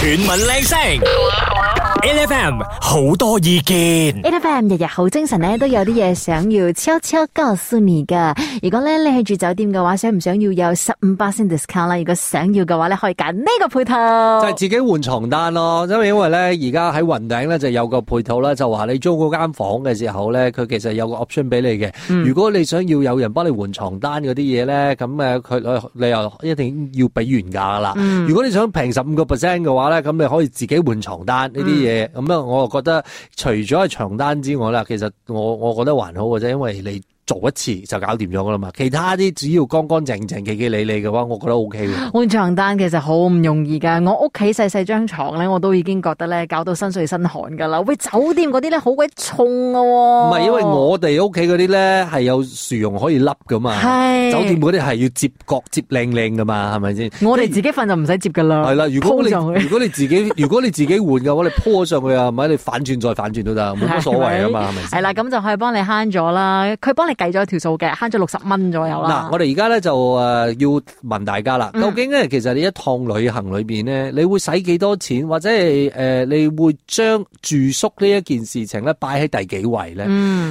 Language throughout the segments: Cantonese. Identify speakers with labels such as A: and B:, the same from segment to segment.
A: 全民靚聲，ALFM 好多意
B: 見。ALFM 日日好精神咧，都有啲嘢想要悄悄告訴你噶。如果咧你去住酒店嘅話，想唔想要有十五 percent discount 啦，如果想要嘅話咧，可以揀呢個配套。就係
C: 自己換床單咯，因為因為咧而家喺雲頂咧就有個配套啦，就話你租嗰間房嘅時候咧，佢其實有個 option 俾你嘅。嗯、如果你想要有人幫你換床單嗰啲嘢咧，咁誒佢你又一定要俾原價啦。嗯、如果你想平十五個 percent 嘅話，咁你可以自己換床單呢啲嘢，咁咧、嗯嗯嗯、我又覺得除咗係床單之外啦，其實我我覺得還好嘅啫，因為你。做一次就搞掂咗噶啦嘛，其他啲只要乾乾淨淨、企企理理嘅話，我覺得 OK 嘅。
B: 換床單其實好唔容易噶，我屋企細細張床咧，我都已經覺得咧搞到身水身汗噶啦。喂，酒店嗰啲咧好鬼重噶喎。唔係，因為我
C: 哋屋企嗰啲咧係有殊絨可以笠噶嘛。係酒店嗰啲係要接角接靚靚噶嘛，係咪先？
B: 我哋自己瞓就唔使接噶啦。
C: 係啦，如果你如果你自己如果你自己換嘅話，你鋪咗上去啊，咪你反轉再反轉都得，冇乜所謂啊嘛，係咪？係
B: 啦，咁就可以幫你慳咗啦。佢幫你。計咗一條數嘅，慳咗六十蚊左
D: 右啦。嗱，我
C: 哋而家咧就誒要問大家啦，究竟咧其實你一趟旅行裏邊咧，你會使幾多錢，或者係誒你會將住宿呢一件事情咧擺喺第幾位咧？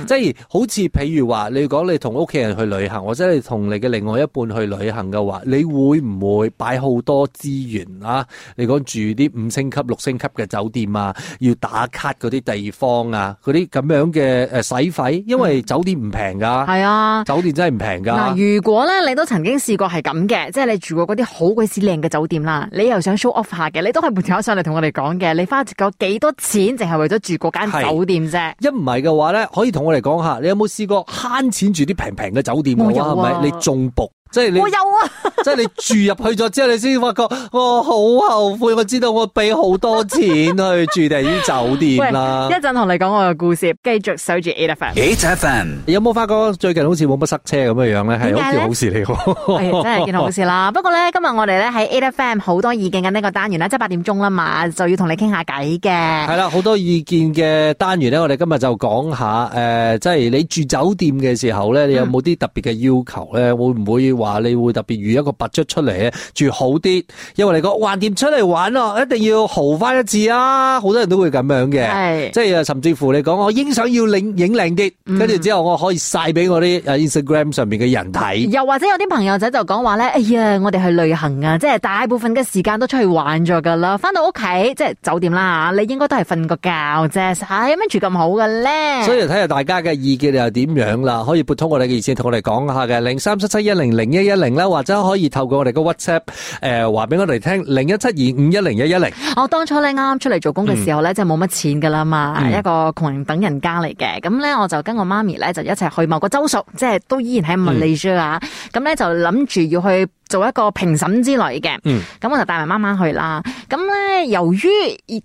C: 即係好似譬如話，你講你同屋企人去旅行，或者你同你嘅另外一半去旅行嘅話，你會唔會擺好多資源啊？你講住啲五星級、六星級嘅酒店啊，要打卡嗰啲地方啊，嗰啲咁樣嘅誒使費？因為酒店唔平噶。係啊，酒店真係唔平噶。嗱，如
B: 果咧你都曾經試過係咁嘅，即係你住過嗰啲好鬼死靚嘅酒店啦，你又想 show off 下嘅，你都係拍上嚟同我哋講嘅，你花咗幾多錢淨係為咗住嗰間酒店啫？一唔係嘅話咧，可以同我哋講下，你有冇試過慳錢住啲平平嘅酒店話？我有、啊、係咪
C: 你仲仆？即係你我有啊！ 即係你住入去咗之後，你先發覺我好後悔。我知道我俾好多錢去住定啲酒店啦。一
B: 陣同你講我嘅故事，繼續守住 8FM。
C: 8FM，有冇發覺最近好似冇乜塞車咁嘅樣咧？係一件好事嚟嘅。 真係件好事啦！
B: 不過咧，今日我哋咧喺 8FM 好多意見嘅呢個單元咧，即係八點鐘啦嘛，就要同你傾下偈嘅。係啦，
C: 好多意見嘅單元咧，我哋今日就講下誒、呃，即係你住酒店嘅時候咧，你有冇啲特別嘅要求咧？嗯、會唔會？話你會特別預一個 budget 出嚟住好啲，因為你講橫掂出嚟玩咯，一定要豪翻一次啊！好多人都會咁樣嘅，即係甚至乎你講，我應想要靚影靚啲，跟住之後我可以晒俾我啲誒 Instagram 上面嘅人睇。
B: 又或者有啲朋友仔就講話咧，哎呀，我哋去旅行啊，即係大部分嘅時間都出去玩咗噶啦，翻到屋企即係酒店啦，你應該都係瞓個覺啫，有咩住咁好嘅咧？所
C: 以睇下大家嘅意見又點樣啦，可以撥通我哋嘅熱線同我哋講下嘅，零三七七一零零。一一零咧或者可以透過我哋個 WhatsApp，誒、呃，話俾我哋聽零一七二五一零一一零。
B: 我、哦、當初咧啱啱出嚟做工嘅時候咧，嗯、即係冇乜錢噶啦嘛，嗯、一個窮人等人家嚟嘅。咁咧，我就跟我媽咪咧就一齊去某個州屬，即係都依然喺 Malaysia 啊。咁咧就諗住要去。做一個評審之類嘅，咁、嗯、我就帶埋媽媽去啦。咁咧，由於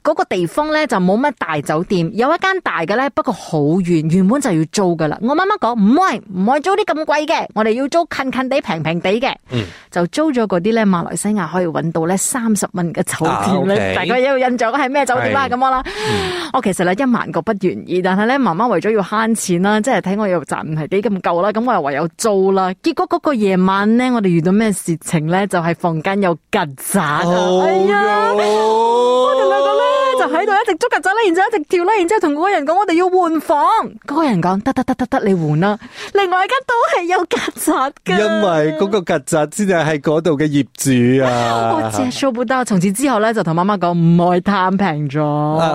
B: 嗰個地方咧就冇乜大酒店，有一間大嘅咧，不過好遠，原本就要租噶啦。我媽媽講唔係唔係租啲咁貴嘅，我哋要租近近地平平地嘅，嗯、就租咗嗰啲咧。馬來西亞可以搵到咧三十蚊嘅酒店，大家、啊 okay、有印象係咩酒店啦、啊、咁是樣我啦，嗯、我其實呢，一萬個不願意，但係咧媽媽為咗要慳錢啦，即係睇我又賺唔係幾咁夠啦，咁我又唯有租啦。結果嗰個夜晚咧，我哋遇到咩事？情咧就係房間有曱甴啊！Oh、哎呀，我同你講啦。喺度一,一直捉曱甴啦，然之後一直跳啦。然之後同嗰個人講：我哋要換房。嗰個人講：得得得得得，你換啦。另外一間都係有曱甴嘅。因為嗰
C: 個曱甴先係嗰度嘅業主啊、Free。 我接
B: 受、exactly、 不到，從此之後咧就同媽媽講唔愛貪平咗。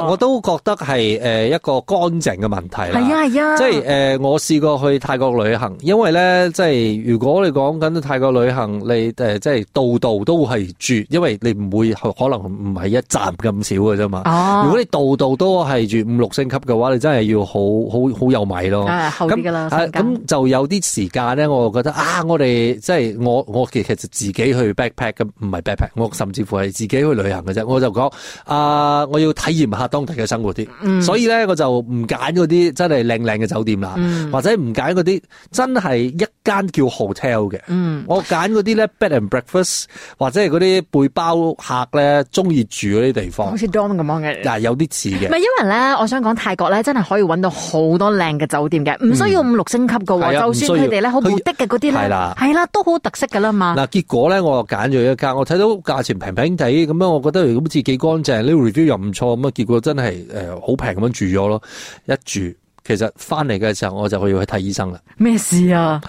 C: 我都覺得係誒一個乾淨嘅問題啦。係啊係啊。即係誒，我試過去泰國旅行，是因為咧即係如果你講緊泰國旅行，你誒即係度度都係住，因為你唔會、oh、可能唔係一站咁少嘅啫嘛。哦、如果你度度都係住五六星級嘅話，你真係要好好好有米咯。咁嘅啦，咁、啊、就有啲時間咧，我就覺得啊，我哋即係我我其實自己去 backpack 唔係 backpack，我甚至乎係自己去旅行嘅啫。我就講啊，我要體驗下當地嘅生活啲，嗯、所以咧我就唔揀嗰啲真係靚靚嘅酒店啦，嗯、或者唔揀嗰啲真係一間叫 hotel 嘅。嗯，我揀嗰啲咧 bed and breakfast 或者係嗰啲背包客咧中意住嗰啲地方。好
B: 似 dorm 咁樣嘅。嗱，
C: 有啲似嘅，唔係因
B: 為咧，我想講泰國咧，真係可以搵到好多靚嘅酒店嘅，唔需要五六星級嘅，嗯、就算佢哋咧好目的嘅嗰啲咧，係啦，都好特色噶啦嘛。嗱，
C: 結果咧，我又揀咗一間，我睇到價錢平平地，咁樣我覺得好似幾乾淨，呢 review 又唔錯，咁啊，結果，結果真係誒好平咁樣住咗咯。一住，其實翻嚟嘅時候，我就要去睇醫生啦。咩事啊？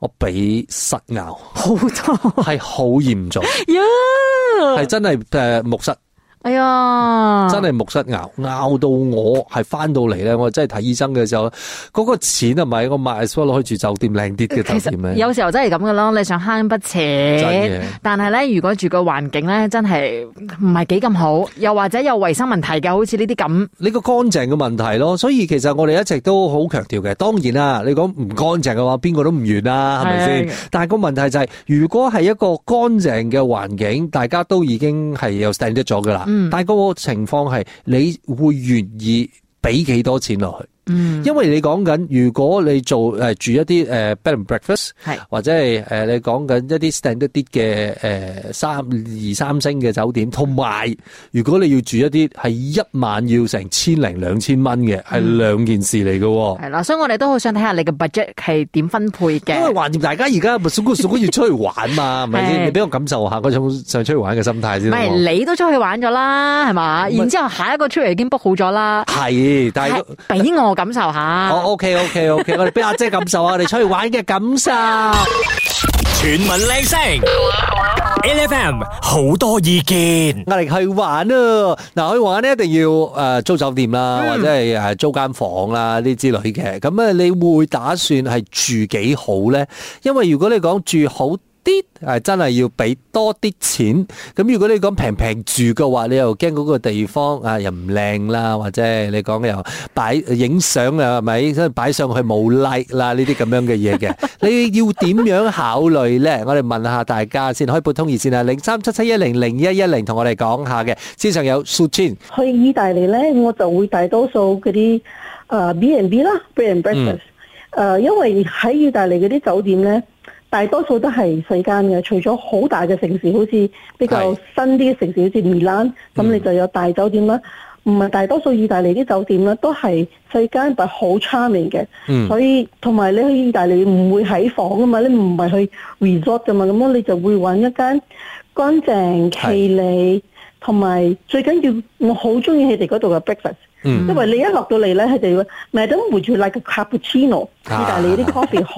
C: 我鼻塞咬，好多，係好嚴重，係
B: Yeah!
C: 真係誒木塞。
B: 哎呀，真係
C: 木塞咬咬到我，係翻到嚟咧，我真係睇醫生嘅時候，嗰個錢啊，唔係我買 Airbnb 攞住酒店靚啲嘅酒店咧。有
B: 時候真係咁噶啦，你想慳筆錢，但係咧，如果住個環境咧，真係唔係幾咁好，又或者有衛生問題嘅，好似呢啲咁，
C: 呢個乾淨嘅問題咯。所以其實我哋一直都好強調嘅。當然啦，你講唔乾淨嘅話，邊個都唔願啦，係咪先？但係個問題就係，如果係一個乾淨嘅環境，大家都已經係有 standard 咗噶啦。嗯，但係個情況係，你會願意俾幾多錢落去？嗯，因為你講緊，如果你做誒住一啲誒 bed and breakfast，或者係你講緊一啲 standard 啲嘅誒三二三星嘅酒店，同埋如果你要住一啲係一晚要成千零兩千蚊嘅，係兩件事嚟嘅。係
B: 啦，所以我哋都好想睇下你嘅 budget 係點分配嘅。因為橫掂大家而家無數數要出去
C: 玩嘛，係咪先？你俾我感受下嗰種想出去玩嘅心態先。唔係你
B: 都出去玩咗啦，係嘛？然之後下一個出嚟已經 book 好咗啦。
C: 係，但係俾我。感受下，好 OK OK OK，我哋俾阿姐感受下，我哋出去玩嘅感受。全
A: 民靚聲
C: ，ALFM 好多意見，壓力去玩啊。嗱，去玩咧一定要誒租酒店啦，或者係誒租間房啦呢之類嘅。咁啊，你會打算係住幾好咧？因為如果你講住好。啲係真係要俾多啲錢咁，如果你講平平住嘅話，你又驚嗰個地方啊又唔靚啦，或者你講又擺影相啊，係咪？所以擺上去冇 like 啦，呢啲咁樣嘅嘢嘅，你要點樣考慮咧？我哋問下大家先，可以撥通熱線啊，零三七七一零零一一零，同我哋講下嘅。線上有數千
D: 去意大利咧，我就會大多數嗰啲啊 B and B 啦，Bed and Breakfast，誒，因為喺意大利嗰啲酒店咧。大多數都係細間嘅，除咗好大嘅城市，好似比較新啲嘅城市，好似是米蘭，咁你就有大酒店啦。唔係、嗯、大多數意大利啲酒店啦都係細間，但係好 charming 嚟嘅。嗯、所以同埋你去意大利唔會喺房啊嘛，你唔係去 resort 噶嘛，咁你就會揾一間乾淨、企理，同埋是最緊要我好中意佢哋嗰度嘅 breakfast。Mm hmm. 因為你一落到嚟咧，佢哋會咪都回住 like cappuccino，啊、意大利啲 coffee 好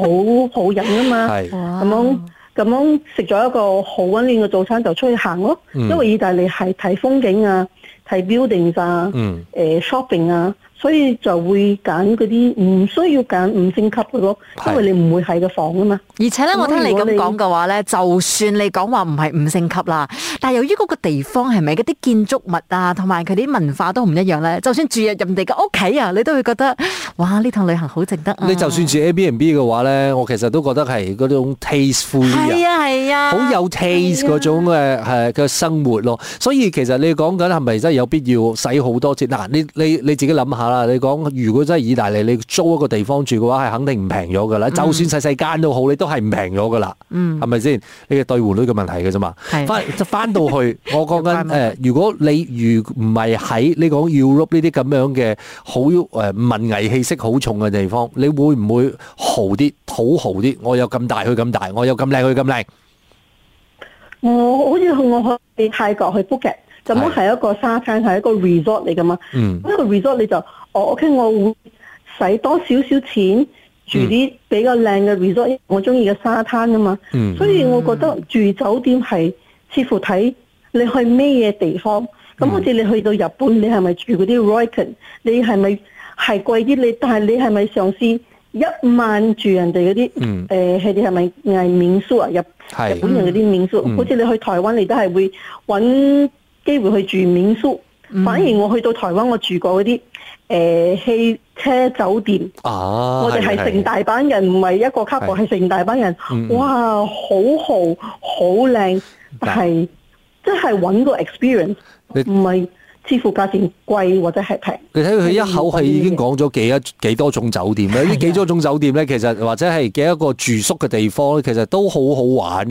D: 好飲啊嘛，咁 的樣咁樣食咗一個好温暖嘅早餐就出去行咯，因為意大利係睇風景啊。係 building 咋，誒 shopping 啊，所以就會揀嗰啲唔需要揀五星級嘅咯，因為你唔會係個房啊嘛。而且咧，我聽你咁講
B: 嘅話咧，就算你講話唔係五星級啦，但係由於嗰個地方係咪嗰啲建築物啊，同埋佢啲文化都唔一樣咧，就算住入人哋嘅屋企啊，你都會覺得哇！呢趟旅行好值得啊。你就
C: 算住 a b n b 嘅話咧，我其實都覺得係嗰種 tasteful 啊，係
B: 啊係啊，好有 taste 嗰
C: 種誒嘅啊生活咯。所以其實你講緊係咪真係？有必要使好多錢嗱？你你你自己諗下啦。你講如果真係意大利，你租一個地方住嘅話，係肯定唔平咗㗎啦。就算細細間都好，你都係唔平咗㗎啦。嗯，係咪先？呢個兌換率嘅問題㗎啫嘛。係翻翻到去，我覺得誒，如果你如唔係喺呢個 Europe 呢啲咁樣嘅好誒文藝氣息好重嘅地方，你會唔會豪啲、土豪啲？我有咁大去咁大，我有咁靚去咁靚。
D: 我好似我去泰國去 book 嘅。咁係、嗯、一個沙灘，係一個 resort 嚟噶嘛。呢、嗯、個 resort 你就，我，OK 我會使多少少錢住啲比較靚嘅 resort、嗯、我中意嘅沙灘啊嘛。嗯、所以，我覺得住酒店係似乎睇你去咩嘢地方。咁好似你去到日本，你係咪住嗰啲 Ryokan？你係咪係貴啲？但是你但係你係咪嘗試一晚住人哋嗰啲誒係啲係咪誒民宿啊？日、嗯呃、日本人嗰啲民宿，嗯、好似你去台灣，你都係會揾。機會去住民宿，反而我去到台灣，我住過嗰啲誒汽車酒店，啊，我哋係成大班人，唔係是一個 couple，係是成大班人，嗯、哇，好豪，好靚，但係即係揾個 experience，唔係你。支付價錢貴或者係平，你睇佢一口氣已經
C: 講咗幾多幾多種酒店咧？呢的幾多種酒店咧，其實或者係幾一個住宿嘅地方咧，其實都好好玩嘅。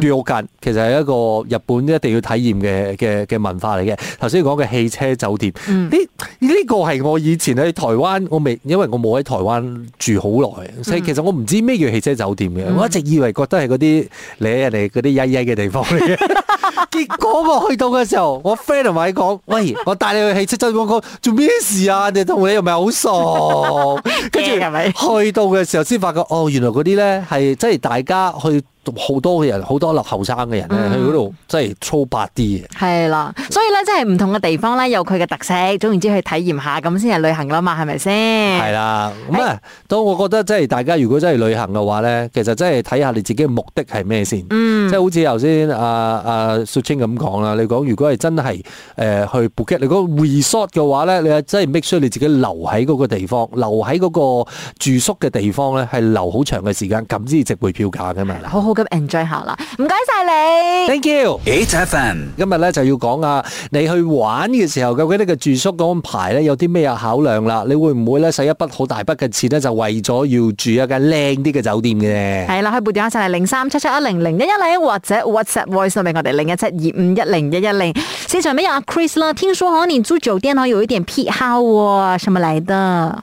C: 尿ゲ、嗯，其實係一個日本一定要體驗嘅嘅嘅文化嚟嘅。頭先講嘅汽車酒店，呢呢、嗯呢個係我以前喺台灣，我未因為我冇喺台灣住好耐，所以其實我唔知咩叫汽車酒店嘅。嗯、我一直以為覺得係嗰啲你人哋嗰啲曳曳嘅地方嚟嘅。 結果我去到嘅時候，我 friend 同埋你講：喂，我帶你去汽車周，我講做咩事啊？你同你又咪好傻？
B: 跟住，係咪？
C: 去到嘅時候先發覺，哦，原來嗰啲咧係即係大家去。好多嘅人，好多後生嘅人咧，嗯、去嗰度真係粗白啲
B: 嘅。係啦，所以咧，即係唔同嘅地方咧，有佢嘅特色。總然之去體驗下，咁先係旅行啦嘛，係咪先？
C: 係啦，咁、嗯、啊、嗯，當我覺得即係大家如果真係旅行嘅話咧，其實真係睇下你自己嘅目的係咩先。嗯，即係好似頭先阿阿雪清咁講啦，你講如果係真係誒去 book 你 resort 嘅話咧，你真係 make sure 你自己留喺嗰個地方，留喺嗰個住宿嘅地方咧，係留好長嘅時間，咁先值回票價噶嘛。
B: 好咁 enjoy 下啦，唔該晒你，Thank you。
C: H F M 今日咧就要講啊，你去玩嘅時候，究竟呢個住宿安排咧有啲咩啊考量啦？你會唔會咧使一筆好大筆嘅錢咧，就為咗要住一間靚啲嘅酒店嘅咧？
B: 係啦，可以撥電話線嚟，零三七七一零零一一零，0, 或者 WhatsApp voice 畀我哋零一七二五一零一一零。線上邊有阿 Chris 啦，聽說可能你住酒店咧有一點癖好、哦，什麼嚟的？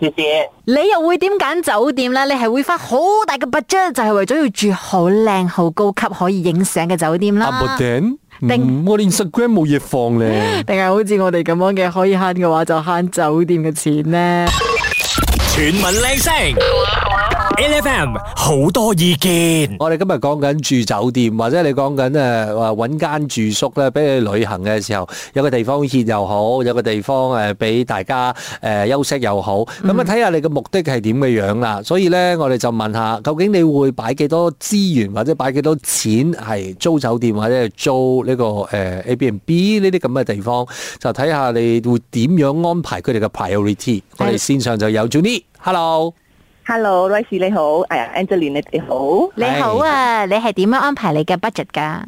B: 謝謝。你又會點揀酒店咧？你係會花好大嘅 budget，就係為咗要住好靚、好高級、可以影相嘅酒店啦。啊、定唔係，我連
C: Instagram 冇嘢放咧。
B: 定係好似我哋咁樣嘅，可以慳嘅話就慳酒店嘅錢咧。
C: 全民靚聲。L.F.M. 好多意見，我哋今日講緊住酒店，或者你講緊誒話搵間住宿咧，俾你旅行嘅時候，有個地方熱又好，有個地方誒俾大家誒休息又好，咁啊睇下你嘅目的係點嘅樣啦。Mm. 所以咧，我哋就問下，究竟你會擺幾多資源，或者擺幾多錢係租酒店，或者係租呢、這個誒 Airbnb 呢啲咁嘅地方，就睇下你會點樣安排佢哋嘅 priority。我哋線上就有 Juni，Hello。
E: Hello，Rici 你好，哎呀，Angelina 你好，你好啊，Hey. 你係點樣
B: 安排你嘅 budget 噶？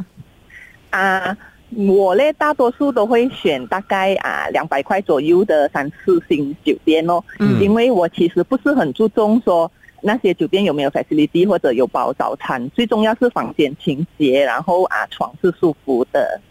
E: 啊，我咧大多數都會選大概啊兩百塊左右的三四星酒店咯，嗯，因為我其實不是很注重說那些酒店有沒有 facility 或者有包早餐，最重要是房間清潔，然後啊床是舒服的。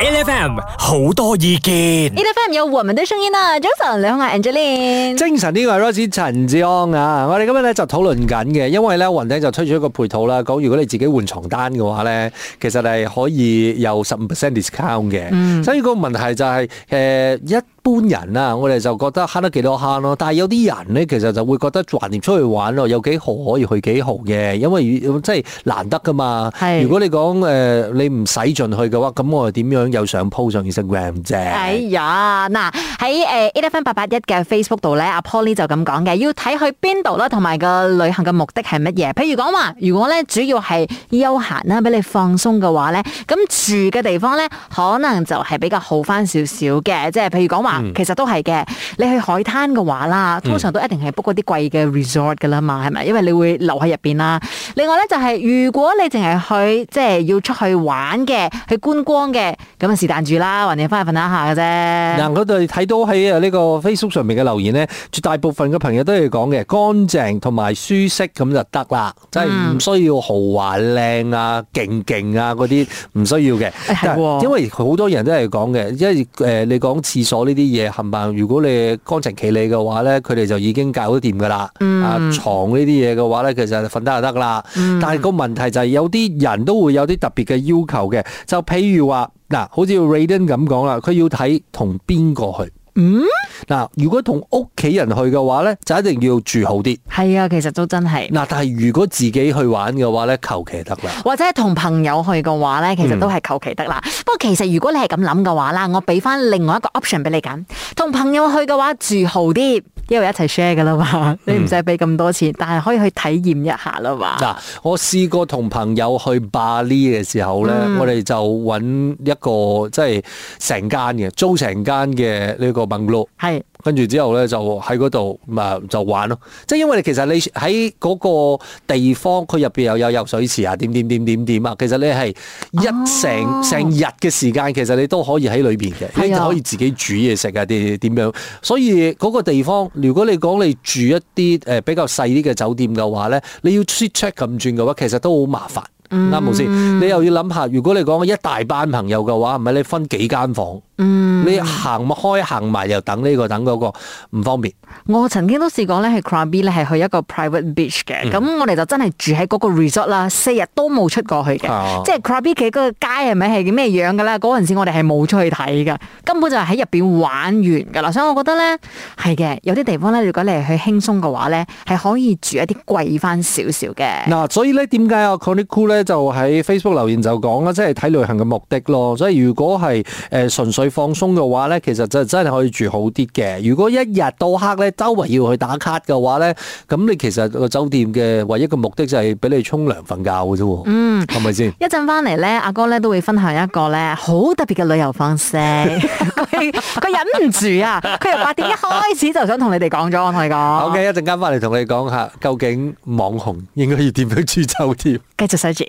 A: L.F.M. 好
C: 多意見
B: ，L.F.M. 有我們的聲音啦。早晨兩位 Angelina 精神呢個嘅
C: Rose 陳志安啊，我哋今日咧就討論緊嘅，因為咧雲頂就推出一個配套啦，講如果你自己換床單嘅話咧，其實係可以有十五 percent discount 嘅，嗯、所以個問題就係、是、誒、呃、一。一般人啊，我哋就覺得慳得幾多慳咯、啊。但係有啲人咧，其實就會覺得橫掂出去玩咯、啊，有幾豪可以去幾豪嘅，因為即係難得噶嘛。如果你講誒你唔使進去嘅話，咁我哋點樣有想 po 上 Instagram 啫？
B: 哎呀，嗱喺誒 a d e r e n 八八一嘅 Facebook 度咧，阿 Polly 就咁講嘅，要睇去邊度啦，同埋個旅行嘅目的係乜嘢。譬如講話，如果咧主要係休閒啦，俾你放鬆嘅話咧，咁住嘅地方咧可能就係比較好翻少少嘅，即係譬如講話。其實都係嘅，你去海灘嘅話啦，通常都一定係 book 嗰啲貴嘅 resort 噶啦嘛，係咪？因為你會留喺入邊啦。另外咧，就係如果你淨係去即係要出去玩嘅，去觀光嘅，咁啊是但住啦，或者翻去瞓下下嘅啫。嗱，
C: 我哋睇到喺呢個 Facebook 上面嘅留言咧，絕大部分嘅朋友都係講嘅乾淨同埋舒適咁就得啦，即係唔需要豪華靚啊、勁勁啊嗰啲唔需要嘅。係喎，因為好多人都係講嘅，因為誒你講廁所呢啲。啲嘢冚唪唥，如果你乾淨企理嘅話咧，佢哋就已經搞掂噶啦。嗯、啊，牀呢啲嘢嘅話咧，其實瞓得就得啦。嗯、但係個問題就係有啲人都會有啲特別嘅要求嘅，就譬如話嗱，好似 Raden 咁講啦，佢要睇同邊個去。嗯，嗱，如果同屋企人去嘅話咧，就一定要住好啲。係啊，其實都真係。嗱，但係如果自己去玩嘅話咧，求其得
B: 啦。或者同朋友去嘅話咧，其實都係求其得啦。嗯，不過其實如果你係咁諗嘅話啦，我俾翻另外一個 option 俾你揀，同朋友去嘅話住好啲。因為一齊 share 噶啦嘛你唔使俾咁多錢，嗯、但係可以去體驗一下啦嘛。
C: 嗱，我試過同朋友去巴厘嘅時候咧，嗯、我哋就揾一個即係成間嘅租成間嘅呢個民宿，係跟住之後咧就喺嗰度咪就玩咯。即係因為其實你喺嗰個地方，佢入邊又有游水池啊，點點點點點啊。其實你係一成、哦、成日嘅時間，其實你都可以喺裏邊嘅，的你可以自己煮嘢食啊，啲點樣。所以嗰個地方。如果你講你住一啲誒比較細啲嘅酒店嘅話咧，你要 check check 咁轉嘅話，其實都好麻煩。啱冇先，你又要諗下，如果你講一大班朋友嘅話，唔係你分幾間房，
D: 嗯、你
B: 行開行埋又等呢個等嗰個，唔方便。我曾經都試過咧，係 Krabi 係去一個 private beach 嘅，咁、嗯、我哋就真係住喺嗰個 resort 啦，四日都冇出過去嘅，即係 Krabi 嘅個街係咪係咩樣嘅咧？嗰陣時候我哋係冇出去睇嘅，根本就係喺入面玩完㗎啦。所以我覺得咧係嘅，有啲地方咧，如果你係去輕鬆嘅話咧，係可以住一啲貴翻少少嘅。
C: 嗱、啊，所以咧點解我 Connie Cool 就喺 Facebook 留言就講啦，即係睇旅行嘅目的咯。所以如果係誒純粹放鬆嘅話咧，其實就真係可以住好啲嘅。如果一日到黑咧周圍要去打卡嘅話咧，咁你其實個酒店嘅唯一嘅目的就係俾你沖涼瞓覺嘅啫。嗯，係咪先？一
B: 陣翻嚟咧，阿哥咧都會分享一個咧好特別嘅旅遊方式。佢 忍唔住啊！佢由八點一開始就想同你哋講咗，我同你講。OK，一
C: 陣間翻嚟同你講下究竟網紅應該要點樣住酒店。繼續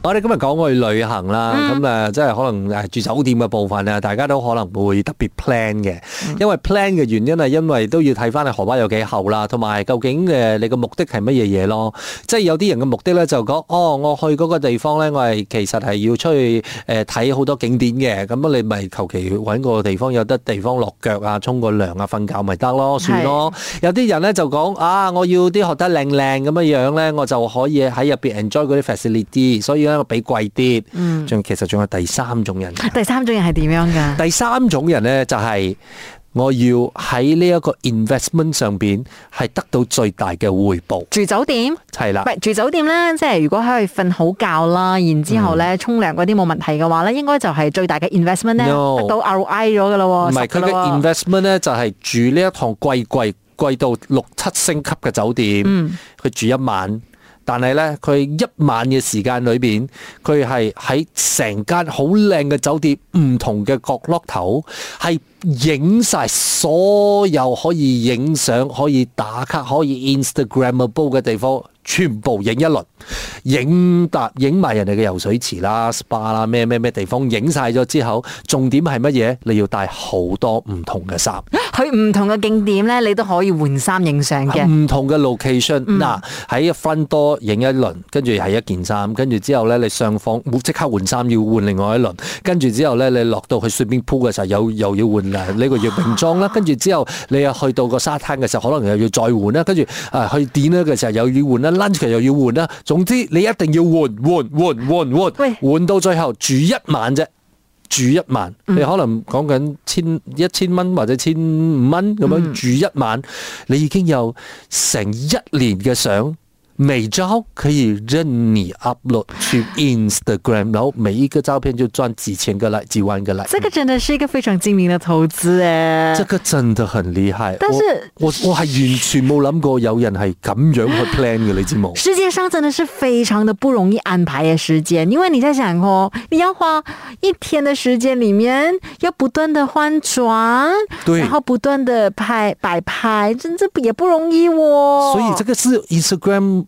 C: 我哋今日講去旅行啦，咁即係可能誒住酒店嘅部分啊，大家都可能會特別 plan 嘅，因為 plan 嘅原因係因為都要睇翻你荷包有幾厚啦，同埋究竟誒你嘅目的係乜嘢嘢咯？即係有啲人嘅目的咧就講，哦，我去嗰個地方咧，我係其實係要出去誒睇好多景點嘅，咁你咪求其搵個地方有得地方落腳啊，沖個涼啊，瞓覺咪得咯，算咯。是有啲人咧就講啊，我要啲學得靚靚咁樣樣咧，我就可以喺入邊 enjoy 嗰啲 facilities，所以。俾貴啲，嗯，仲其實仲有第三種人。
B: 第三種人係
C: 點樣㗎？第三種人咧，就係、是、我要喺呢一個 investment 上面係得到最大嘅回報
B: 住了。住酒店係啦，唔係住酒店咧，即係如果可以瞓好覺啦，然之後咧沖涼嗰啲冇問題嘅話咧，應該就係最大嘅 investment 咧，no, 得到 ROI 咗嘅咯。唔係佢不嘅了
C: investment 咧，就係、是、住呢一趟貴貴貴到六七星級嘅酒店，嗯，去住一晚。但係咧，佢一晚嘅時間裏面，佢係喺成間好靚嘅酒店唔同嘅角落頭，係影晒所有可以影相、可以打卡、可以 Instagrammable 嘅地方。全部影一輪，影搭影埋人哋嘅游水池啦、SPA 啦、咩咩咩地方，影曬咗之後，重點係乜嘢？你要帶好多唔同嘅衫，
B: 去唔同嘅景點咧，你都可以換衫影相嘅。唔
C: 同嘅 location，嗱喺 front door 影一輪，跟住係一件衫，跟住之後咧你上房即刻換衫，要換另外一輪，跟住之後咧你落到去 swimming pool 嘅時候，又又要換誒呢個泳裝啦，跟住、啊、之後你又去到個沙灘嘅時候，可能又要再換啦，跟住去 dinner 嘅時候又要換啦。Lunch 又要換啦，總之你一定要換換換換換，換，換，換，喂到最後住一晚啫，住一晚，你可能講緊千一千蚊或者千五蚊咁樣住一晚，你已經有成一年嘅相。每招可以任你 upload 去 Instagram，然後每一個照片就賺幾千個 like、like, like，幾萬個 like，這個
B: 真的是一個非常精明的投資誒！這
C: 個真的很厲害，但是我我，我是完全冇諗過有人是這樣去 plan 嘅，是你知冇？世
B: 界上真的是非常的不容易安排嘅時間，因為你在想哦，你要花一天嘅時間裏面要不斷的換裝，對然後不斷的拍擺拍，真的也不容易哦。所以這
C: 個是 Instagram。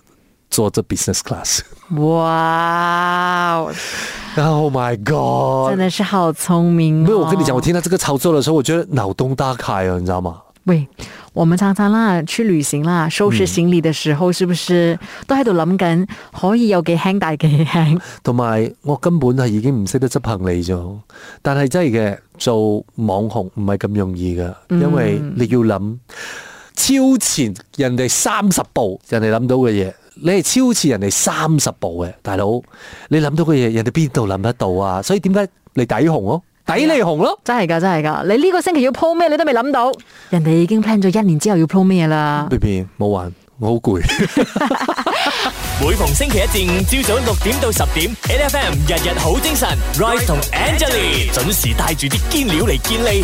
C: 做這 business class，
B: 哇 Wow, ！Oh my god，真的是好聰明，哦。唔係，啊，我跟你講，我聽到這個操作的時候，
C: 我覺得腦洞大開啊，你知道嗎？
B: 喂，我們常常啦去旅行啦，收拾行李嘅時候，嗯、是不是都喺度諗緊可以有幾輕，大幾輕？同埋，
C: 我根本係已經唔識得執行李咗，但係真係嘅做網紅唔係咁容易噶，因為你要諗超前人哋三十步人家想，人哋諗到嘅嘢。你係超似人哋三十步嘅大佬，你諗到嘅嘢，人哋邊度諗得到啊？所以點解你抵紅咯？
B: 抵你紅咯？真係噶，真係噶！你呢個星期要鋪咩？你都未諗到，人哋已經 plan 咗一年之後要鋪咩啦
C: ？B B 冇玩，我好攰。每逢星期一至五朝早六點到十點，NFM
D: 日日好精神，Rise 同 Angelie 準時帶住啲堅料嚟建立。